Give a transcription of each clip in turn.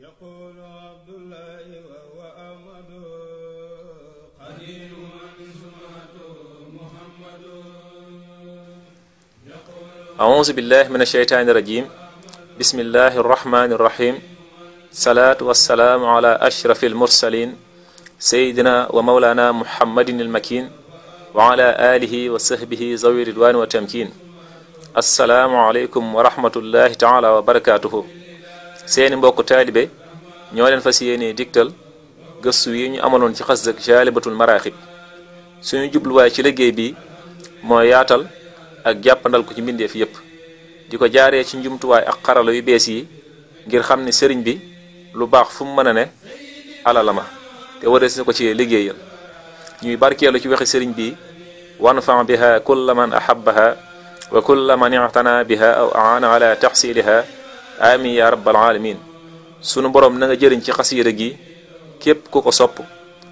يقول عبد الله وهو أحمد قديم وإسمته محمد أعوذ بالله من الشيطان الرجيم بسم الله الرحمن الرحيم صلاة والسلام على أشرف المرسلين سيدنا ومولانا محمد المكين وعلى آله وصحبه زوير الوان وتمكين السلام عليكم ورحمة الله تعالى وبركاته seeni mbokk taalibe ñoo leen fas yéenee digtal gëstu yi ñu amaloon ci xas dëkk jaalibatul maraaxib suñu jubluwaay ci liggéey bi mooy yaatal ak jàppandal ko ci mbindeef yëpp di ko jaaree ci njumtuwaay ak xarala yu bees yi ngir xam ni sëriñ bi lu baax fu mën a ne alala ma te warees na ko ci liggéeyal ñuy barkeelu ci waxi sëriñ bi wanfan biha kulla man ahabaha wa kulla man ictana biha aw aana ala taxsiliha amin ya rabbal alamin sunu borom na nga jëriñ ci xasiida gi képp ku ko sopp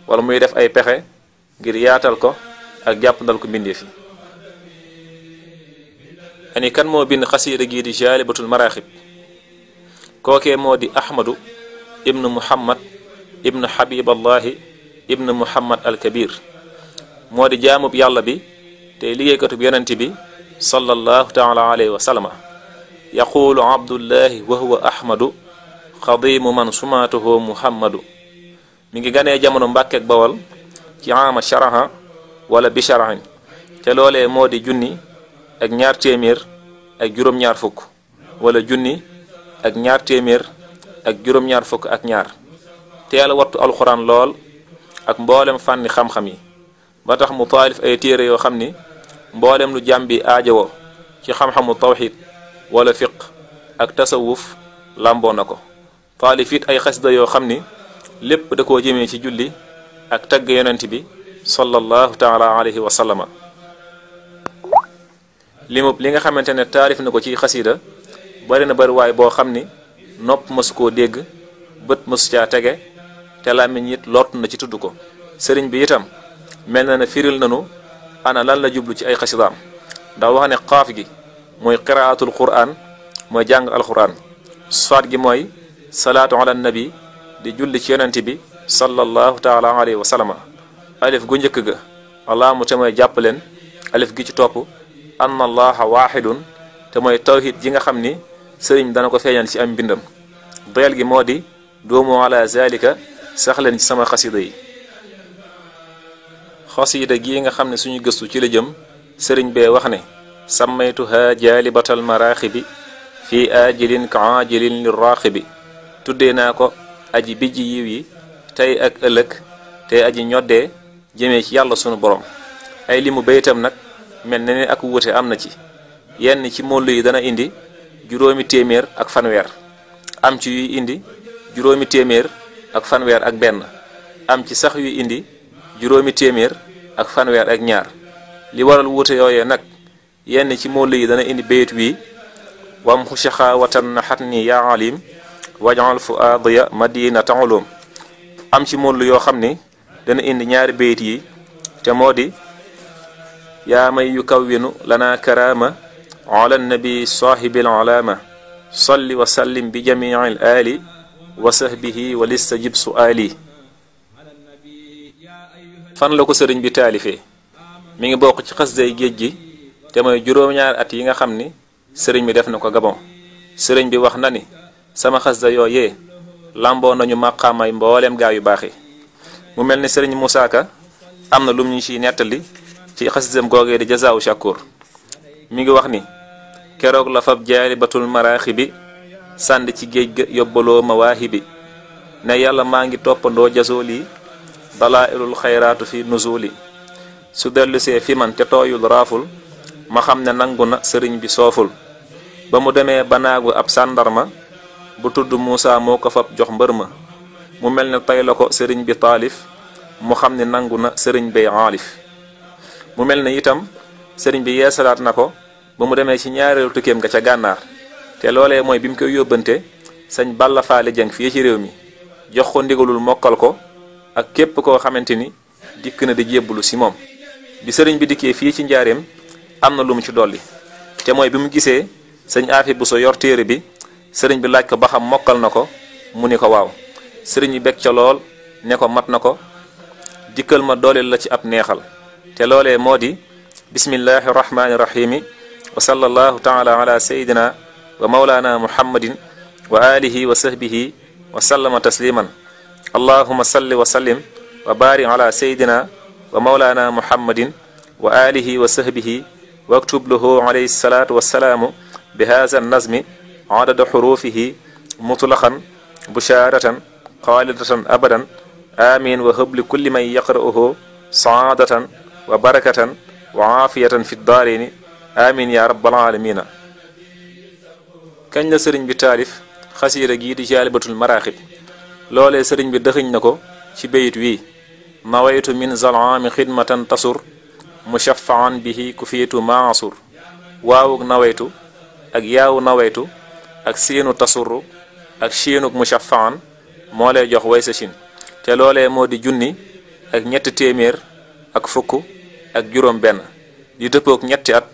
wala muy def ay pexe ngir yaatal ko ak jàppandal ko mbindeef yi ani kan moo bind xasiida gii di jaalibatul maraaxib kookee moo di ahmadu ibnu muhammad ibnu habiballahi ibnu muhammad al kabir moo di jaamub yàlla bi tey liggéeykatub yonent bi sallallahu taala alayhi wa sallama yaquulu abdullahi wa huwa ahmadu xadimu man sumaatuhu muhammadu mi ngi ganee jamono mbàkkeek bawal ci ama sharaha wala bi te loole moo di junni ak ñaar téeméer ak juróom-ñaar fukk wala junni ak ñaar téeméer ak juróom-ñaar fukk ak ñaar teel a wattu lool ak mboolem fànni xam-xam yi ba tax mu taalif ay téere yoo xam ni mboolem lu jàmbi aajowoo ci xam-xamu tawxiid wala fiq ak tasawuf làmboo na ko taalif it ay xasida yoo xam ni lépp da koo jëmee ci julli ak tagg yonent bi sallallahu taala alayhi wa sallama limub li nga xamante ne taarif na ko ci xasida bari na bariwaay boo xam ni nopp masu koo dégg bët mësu caa tege te làmmiñ it lott na ci tudd ko sëriñ bi itam mel na ne firil nanu ana lan la jublu ci ay xasidaam ndax wax ne xaaf gi mooy qiraatul quraan mooy jàng alquran sufaat gi mooy salaatu ala nabi di julli ci yonent bi sallallahu taala alayhi wa sallama gu njëkk ga allah mu te mooy jàpp leen alif gi ci topp anna allaha waahidun te mooy tawhid ji nga xam ni sëriñ dana ko feeñal ci am mbindam doyal gi moo di doomu ala zalika sax leen ci sama xasida yi xasida gi nga xam ne suñu gëstu ci la jëm sëriñ bee wax ne sammaytuha jaalibatal maraaxibi fii aajilin ka aajilin li raaxibi tuddee naa ko aji bijji yiw yi tey ak ëllëg te aji ñoddee jëmee ci yàlla sunu borom ay limu baytam nag mel na ne ak wuute am na ci yenn ci mollu yi dana indi juróomi téeméer ak fanweer am indi juróomi ak fanweer ak benn am ci sax yu indi juróomi téeméer ak fanweer ak ñaar li waral wuute yooyee nag yenn ci moolu yi dana indi bayit wi wamhu shaxaawatan naxat ni yaa alim wajal fuaadiya madinata ulum am ci moolu yoo xam ni dana indi ñaari bayit yi te moo di yaa may yukawwinu lana karama ala nabi saahibil alaama salli wa sallim bi jamii al aali wa sahbihi wa listajib suaali fan la ko sëriñ bi taalifee mi ngi bokk ci xasday géej gi te mooy juróom-ñaari at yi nga xam ni sëriñ bi def na ko Gabon sëriñ bi wax na ni sama xasida yooyee làmboo nañu màqaamay mbooleem gaa yu baax yi mu mel ni sëriñ Moussa Ka am na lum ñu ciy nettali ci xasidam googee di jazaawu shakur mi ngi wax ni keroog la fab jaari batul maraaxi bi sànd ci géej ga yóbbaloo ma waaxi bi ne yàlla maa ngi toppandoo jasoo jasooli dalaa ilul xayraatu fi li su dellusee fi man te tooyul raaful ma xam ne nangu na sëriñ bi sooful ba mu demee ba naagu ab sàndarma bu tudd Muusa moo ko fab jox mbër ma mu mel ne tey la ko sëriñ bi taalif mu xam ne nangu na sëriñ bay aalif mu mel ne itam sëriñ bi yeesalaat na ko ba mu demee ci ñaareelu tukkeem nga ca gànnaar te loolee mooy bi mu koy yóbbante sañ Balla Faale fii ci réew mi jox ko ndigalul mokkal ko ak képp koo xamante ni dikk na di jébbalu si moom bi sëriñ bi dikkee fii ci njaareem am na lu mu ci dolli te mooy bi mu gisee sëñ bu Buso yor téere bi sëriñ bi laaj ko ba mokkal na ko mu ni ko waaw sëriñ bi bég ca lool ne ko mat na ko dikkal ma dooleel la ci ab neexal te lool moo di bismillahi rahmaani rahimi wa sallallahu taala ala sayidina wa maulana muhammadin wa alihi wa sahbihi wa wa sahbihi واكتب له عليه الصلاة والسلام بهذا النظم عدد حروفه مطلقا بشارة خالدة أبدا آمين وهب لكل من يقرأه سعادة وبركة وعافية في الدارين آمين يا رب العالمين كان سرين sëriñ خسير جيد جالبة المراقب di سرين maraaxib loolee sëriñ bi dëxiñ na ko ci bayit mushaffaan bihi ku fiitu maasur waawug nawaytu ak yaawu nawaytu ak siinu tasurru ak chiinuk mushaffaan moo lay jox way sa chin te loolee moo di junni ak ñetti téeméer ak fukk ak juróom benn di dëppook ñetti at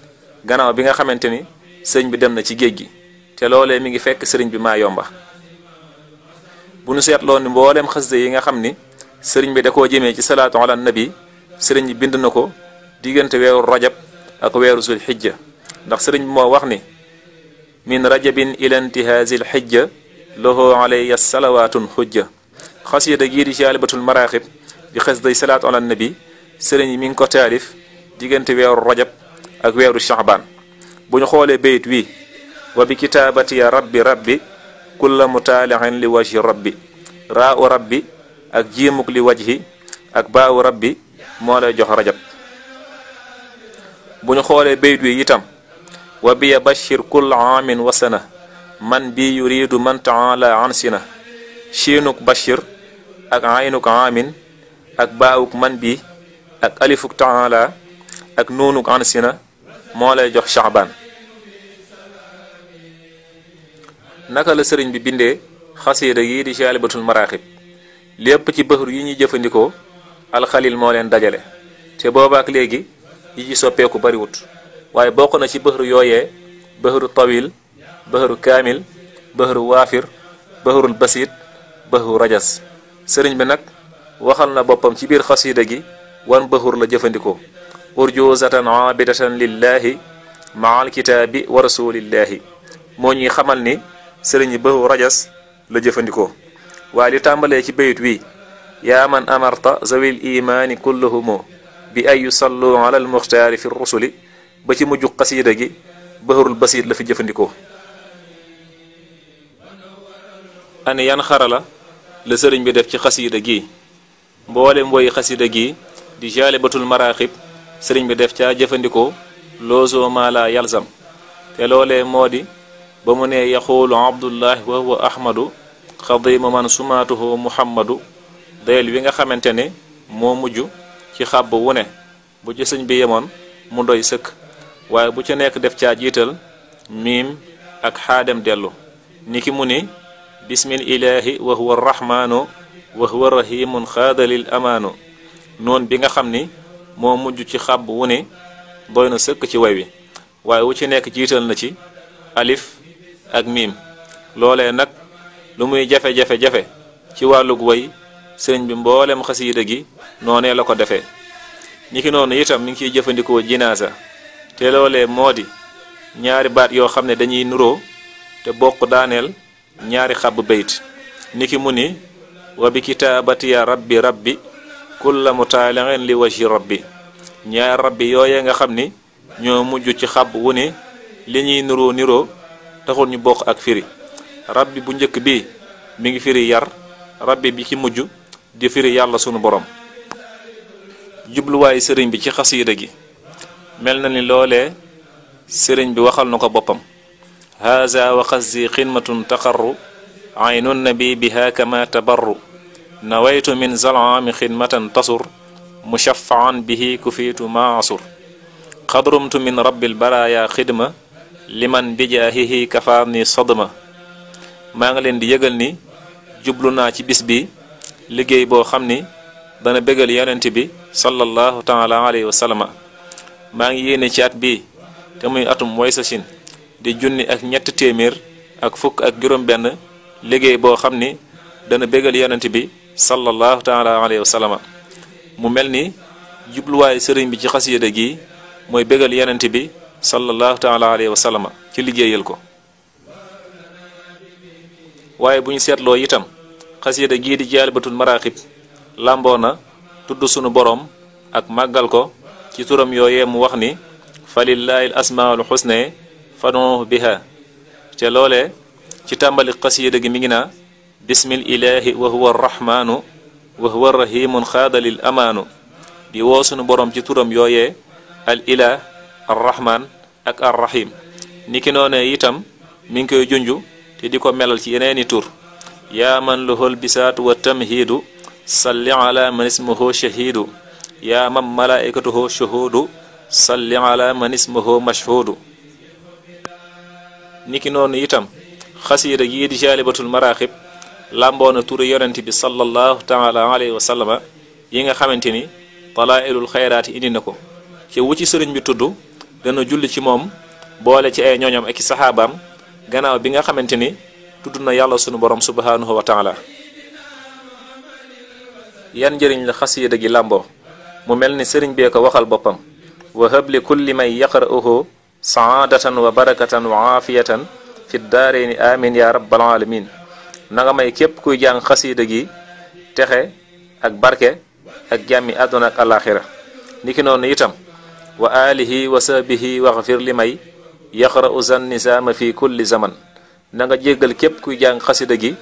gannaaw bi nga xamante ni sëñ bi dem na ci géej gi te loolee mi ngi fekk sëriñ bi maa yomba bu nu seetloo ni mbooleem xasida yi nga xam ni sëriñ bi da koo jëmee ci salaatu ala nabi sëriñ bi bind na ko diggante weeru rajab ak weeru zul xijja ndax sëriñ bi wax ni min rajabin ila intihaasil xijja lahu alayya salawaatun xujja de gii di jaalibatul maraaxib di xas day salaatu ala nabi sëriñ mi ngi ko taalif diggante weeru rajab ak weeru shahbaan bu ñu xoolee wi wa bi kitaabati ya rabbi rabbi kulla mutaalixin li wajhi rabbi raa u rabbi ak jiimuk li wajhi ak baawu rabbi bu ñu xoolee bayt wi itam wa biya bashir kull aamin wasana man bi yuridu man taala ansina chiinuk bashir ak aynuk aamin ak baawuk man bi ak alifuk taala ak nuunuk ansina moo lay jox chaban naka la sëriñ bi bindee xasiida yi di jaalibatul maraaxib lépp ci bëxru yi ñuy jëfandikoo alxalil moo leen dajale te boobaak léegi yi ci bari wut waaye bokk na ci bëxëru yooyee bëxëru tawil bëxëru kaamil bëxëru waafir bëxërul basit bëxëru rajas sëriñ bi nag waxal na boppam ci biir xasiida gi wan bëxur la jëfandikoo urjuuzatan aabidatan lillahi maal kitaabi wa rasulillahi moo ñuy xamal ni sëriñ bëxu rajas la jëfandikoo waaye li tàmbalee ci bayit wi yaa man amarta zawil imaani kulluhumoo bi ay yusallu ala al muxtaari fi rusuli ba ci mujj xasiida gi bahrul basiir la fi jëfandikoo an yan xarala la sëriñ bi def ci xasiida gi mboole mboyi xasiida gi di jaalibatul maraaxib sëriñ bi def caa jëfandikoo loosoo maa la yalzam te loolee moo di ba mu ne yaxuulu abdullahi wa huwa ahmadu xadiima man sumaatuhu muhammadu dayel wi nga xamante ne moo mujj ci xàbb wu ne bu ci sëñ bi yemoon mu doy sëkk waaye bu ci nekk def caa jiital miim ak xaadem dellu niki mu ni bismil ilaahi wa huwa rahmaanu wa huwa rahimun amaanu noon bi nga xam ni moo mujj ci xàbb wu ne doy na sëkk ci way wi waaye wu ci nekk jiital na ci alif ak miim loole nag lu muy jafe-jafe-jafe ci wàllug way sëriñ bi mboolem xasiida gi noone la ko defee niki noonu itam niki jëfëndiko jinaza té lolé modi ñaari baat yoo xamné dañuy nuro té bokku daanel ñaari xab beyt niki muni, wa bi ya rabbi rabbi kulla mutaaliin li wajhi rabbi ñaari rabbi ye nga xamni ño ñoo ci xab wu li ñi nuro niro taxul ñu bok ak firi rabbi bu ñëk bi mi ngi firi yar rabbi bi ci mujj di firi yalla suñu borom jubluwaayu sëriñ bi ci xasiida gi mel na ni loolee sëriñ bi waxal na ko boppam haza wa xasdi xidmatun taqarru aynu nabi biha kama tabarru nawaytu min zalaami xidmatan tasur mushafaan bihi kufiitu ma asur xadrumtu min rabbil baraaya xidma liman bijaahihi kafaani sadma maa ngi leen di yëgal ni jublu naa ci bis bi liggéey boo xam ni dana bégal yonent bi sallallahu taala alayhi wa maa ngi yéene ci at bi te muy atum waysachin di junni ak ñetti téeméer ak fukk ak juróom-benn liggéey boo xam ni dana bégal yonent bi sallallahu taala alayhi wa mu mel ni jubluwaayu sëriñ bi ci xasida gi mooy bégal yenent bi sallallahu taala alayhi wa ci liggéeyal ko waaye bu ñu seetloo itam xasida gii di jaalibatul maraaxib làmboo na tudd sunu borom ak màggal ko ci turam yooyee mu wax ni fa lillahi l asmaul xusne fadooh biha ca loolee ci tàmbali xasiida gi mi ngi naa bismil ilahi wa huwa arrahmaanu wa di woo sunu boroom ci turam yooyee al ilah arrahman ak arrahim niki noonee itam ngi koy junju te di ko melal ci yeneeni tur yaa man bisaatu wa tamhiidu salli ala man ismuhu shahidu ya man malaikatuhu shuhudu salli ala man ismuhu mashhudu niki noonu itam xasiida gii di jaalibatul maraaxib làmboo na turu yonent bi sallallahu taala alayhi wa yi nga xamante ni talailul xayraat indi na ko ci wu ci sëriñ bi tudd dana julli ci moom boole ci ay ñooñam ak i saxaabaam gannaaw bi nga xamante ni tudd na yàlla sunu borom subhanahu wa yan jeriñ la khasida gi lambo mu melni ni sëriñ ko waxal bopam wa habli kulli may yaqra'uhu saadatan wa barakatan wa afiyatan fi daareeni amin ya rabbal alamin na nga may kep kuy jàng khasida gi texe ak barke ak jami aduna ak al-akhirah niki non itam wa alihi wa sahbihi waxfir li may yaqra'u zan nizam fi kulli zaman na nga jéggal képp kuy jàng khasida gi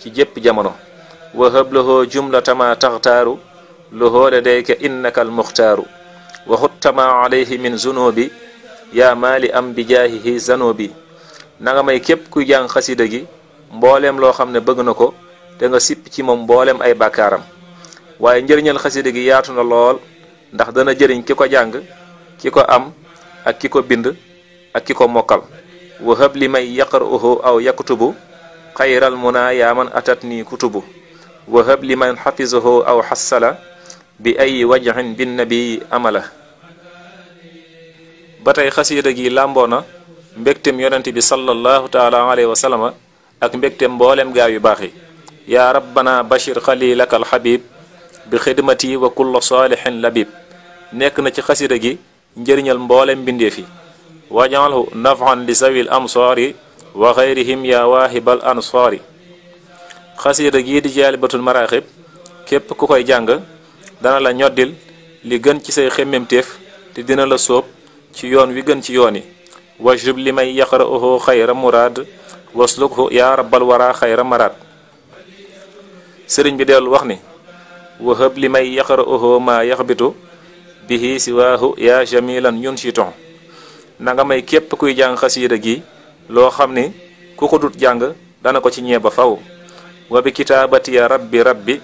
ci jep jamono wa hab lahoo jumlata ma taxtaaru lahoo ladayka innaka almuxtaaru wa xuttama alayhi min zunubi yaa maali am bi jaahihi zanobi na nga may képp kuy jàng xasida gi mbooleem loo xam ne bëgg na ko te nga sipp ci mom mbooleem ay bàkkaaram waaye njëriñal xasida gi yaatu na lool ndax dana jëriñ ki ko jàng ki ko am ak ki ko bind ak ki ko mokkal wa hab li may yaqra'uhu aw yaktubu xayral muna yaa man atat nii kutubu wa hab liman xafizahu aw xassala bi ay wajhin bin nabi amala ba tey xasiida gi làmboo na mbégtem yonent bi sallallahu taala alayhi wa ak mbégtem mboolem gaa yu baax yi yaa rabbana bashir xalilaka alxabib bi xidmati wa kulla saalixin labib nekk na ci xasida gi njëriñal mboolem mbindeef yi li zawil amsaari wa xayrihim yaa waahibal ansaari xasiida gi di jaalibatul maraaxib képp ku koy jàng dana la ñoddil li gën ci say xemmemtéef te dina la soob ci yoon wi gën ci yoon yi wajub li may yaqra'uhu xayra muraad waslukhu yaa rabbal wara xayra maraad sëriñ bi dellu wax ni wahab li may yaqra'uhu maa yaxbitu bihi siwaahu yaa jamilan yunshiton na nga may képp kuy jàng xasiida gi loo xam ni ku ko dut jàng dana ko ci ñee ba faw wa bi kitaabati ya rabbi rabbi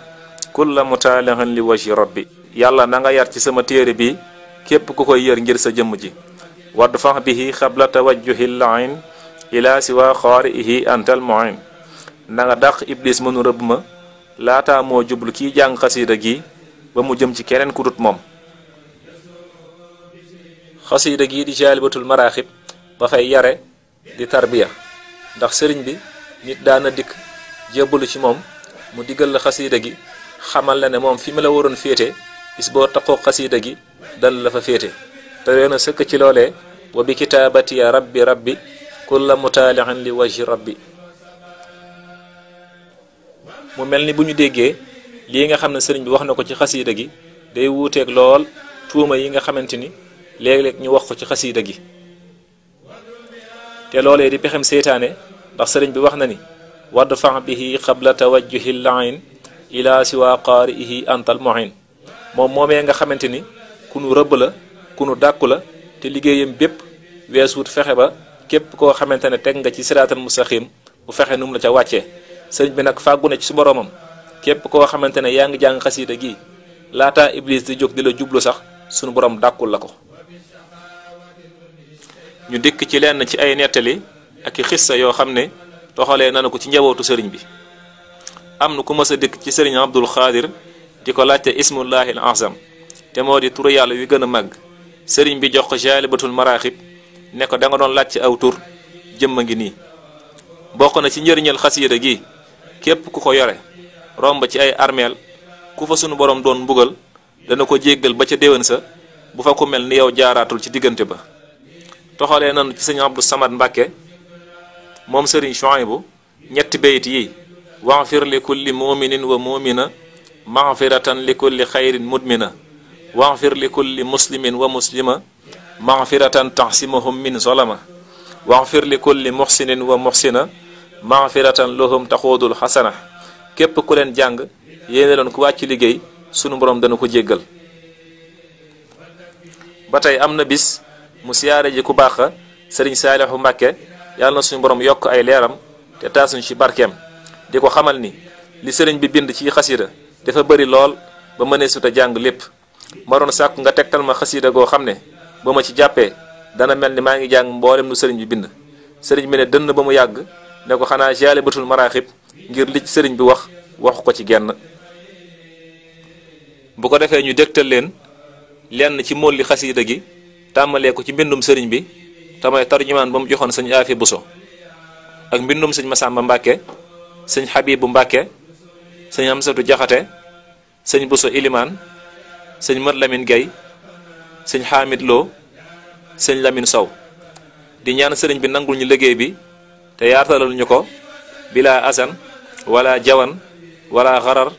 kulla mutaalihin li waji rabbi yàlla nanga yar ci sama téere bi képp ku koy yër ngir sa jëmm ji wadd fax bihi xabla tawajjuhi lain ila siwa xaariihi antal muin na nga dàq iblis mënu rëbb ma laata moo jublu kiy jàng xasiida gi ba mu jëm ci keneen ku moom xasiida gi di jaalibatul maraaxib ba fay yare di tarbiya ndax sëriñ bi nit daana dikk jébbalu ci moom mu diggal la xasiida gi xamal la ne moom fi mu la waroon féete bis boo taqoo xasiida gi dal la fa féete te reena sëkk ci loolee wa bi kitaabati ya rabbi rabbi kulla mutaalian li wajhi rabbi mu mel ni bu ñu déggee lii nga xam ne sëriñ bi wax na ko ci xasiida gi day wuuteeg lool tuuma yi nga xamante ni léeg-léeg ñu wax ko ci xasiida gi te loolee di pexem seytaane ndax sëriñ bi wax na ni wadfa bihi qabla tawajjuhi lain ila siwa qaariihi antal muin moom moomee nga xamante ni ku nu rëbb la ku nu dàkku la te liggéeyam bépp weesuut fexe ba képp koo xamante ne teg nga ci siraatal mustaqim bu fexe nu la ca wàccee sëriñ bi nag fàggu na ci su boroomam képp koo xamante ne yaa ngi jàng xasiida gi laataa iblis di jóg di la jublu sax sunu borom dàkkul la ko ñu dikk ci lenn ci ay nettali ak i xissa yoo xam ne toxalee nanu ko ci njabootu sëriñ bi am na ku mësa a dikk ci sëriñ Abdul Xaadir di ko laajte ismullahi al te moo di turu yàlla wi gën a màgg sëriñ bi jox ko jaalibatul maraaxib ne ko danga nga doon laajte aw tur jëmm a ngi nii bokk na ci njëriñal xasiida gi képp ku ko yore romb ci ay armeel ku fa sunu borom doon mbugal dana ko jéggal ba ca déwén sa bu fa ku mel ni yow jaaraatul ci diggante ba toxalee nanu ci sëñ Abdou Samad Mbàkke moom sëriñ Chouaïbou ñetti bayt yi waxfir li kulli muminin wa mumina maxfiratan li kulli xayrin mudmina waxfir li kulli muslimin wa muslima maxfiratan taxsimahum min solama waxfir li kulli muxsinin wa muxsina maxfiratan lahum taxoodul xasana képp ku leen jàng yéene leen ku wàcc liggéey sunu borom dana ko jéggal ba tey am na bis mu siyaare ji ku baax sëriñ Saalixu Mbàkke yàlla na suñu boroom yokk ay leeram te taasuñ ci barkeem di ko xamal ni li sëriñ bi bind ci xasida dafa bëri lool ba mënee suta jàng lépp ma doon sàkku nga tegtal ma xasida goo xam ne ba ma ci jàppee dana mel ni maa ngi jàng mboolem lu sëriñ bi bind sëriñ bi ne dënn ba mu yàgg ne ko xanaa jaale batul maraaxib ngir li sëriñ bi wax wax ko ci genn bu ko defee ñu dégtal leen lenn ci molli xasida gi tàmmalee ko ci mbindum sëriñ bi te mooy tarjumaan ba mu joxoon sëñ Aafi Buso ak mbindum sëñ Masamba Mbàkke sëñ Xabibu Mbàkke sëñ Amsatu Jaxate sëñ Buso Ilimaan sëñ Mër Lamin Gay sëñ Xaamid Lo sëñ Lamin Sow di ñaan sëriñ bi nangul ñu liggéey bi te yaatalal ñu ko bilaa asan wala jawan wala xarar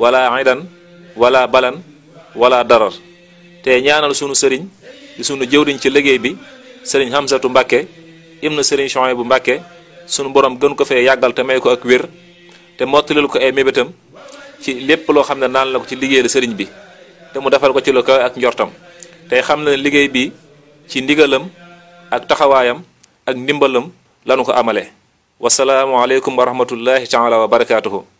wala aydan wala balan wala darar te ñaanal sunu sëriñ di sunu jëwriñ ci liggéey bi sëriñ Hamsatu Mbàkke na sëriñ bu Mbàkke sunu borom gën ko fee yàggal te may ko ak wér te mottalil ko ay mébétam ci lépp loo xam ne naan la ko ci liggéeyal sëriñ bi te mu defar ko ci lu kaw ak njortam tey xam na liggéey bi ci ndigalam ak taxawaayam ak ndimbalam lanu ko amale wasalaamualeykum wa rahmatullahi taala wa barakaatuhu